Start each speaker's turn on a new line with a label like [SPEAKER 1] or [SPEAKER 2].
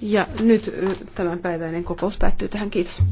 [SPEAKER 1] Ja nyt tämänpäiväinen kokous päättyy tähän. Kiitos.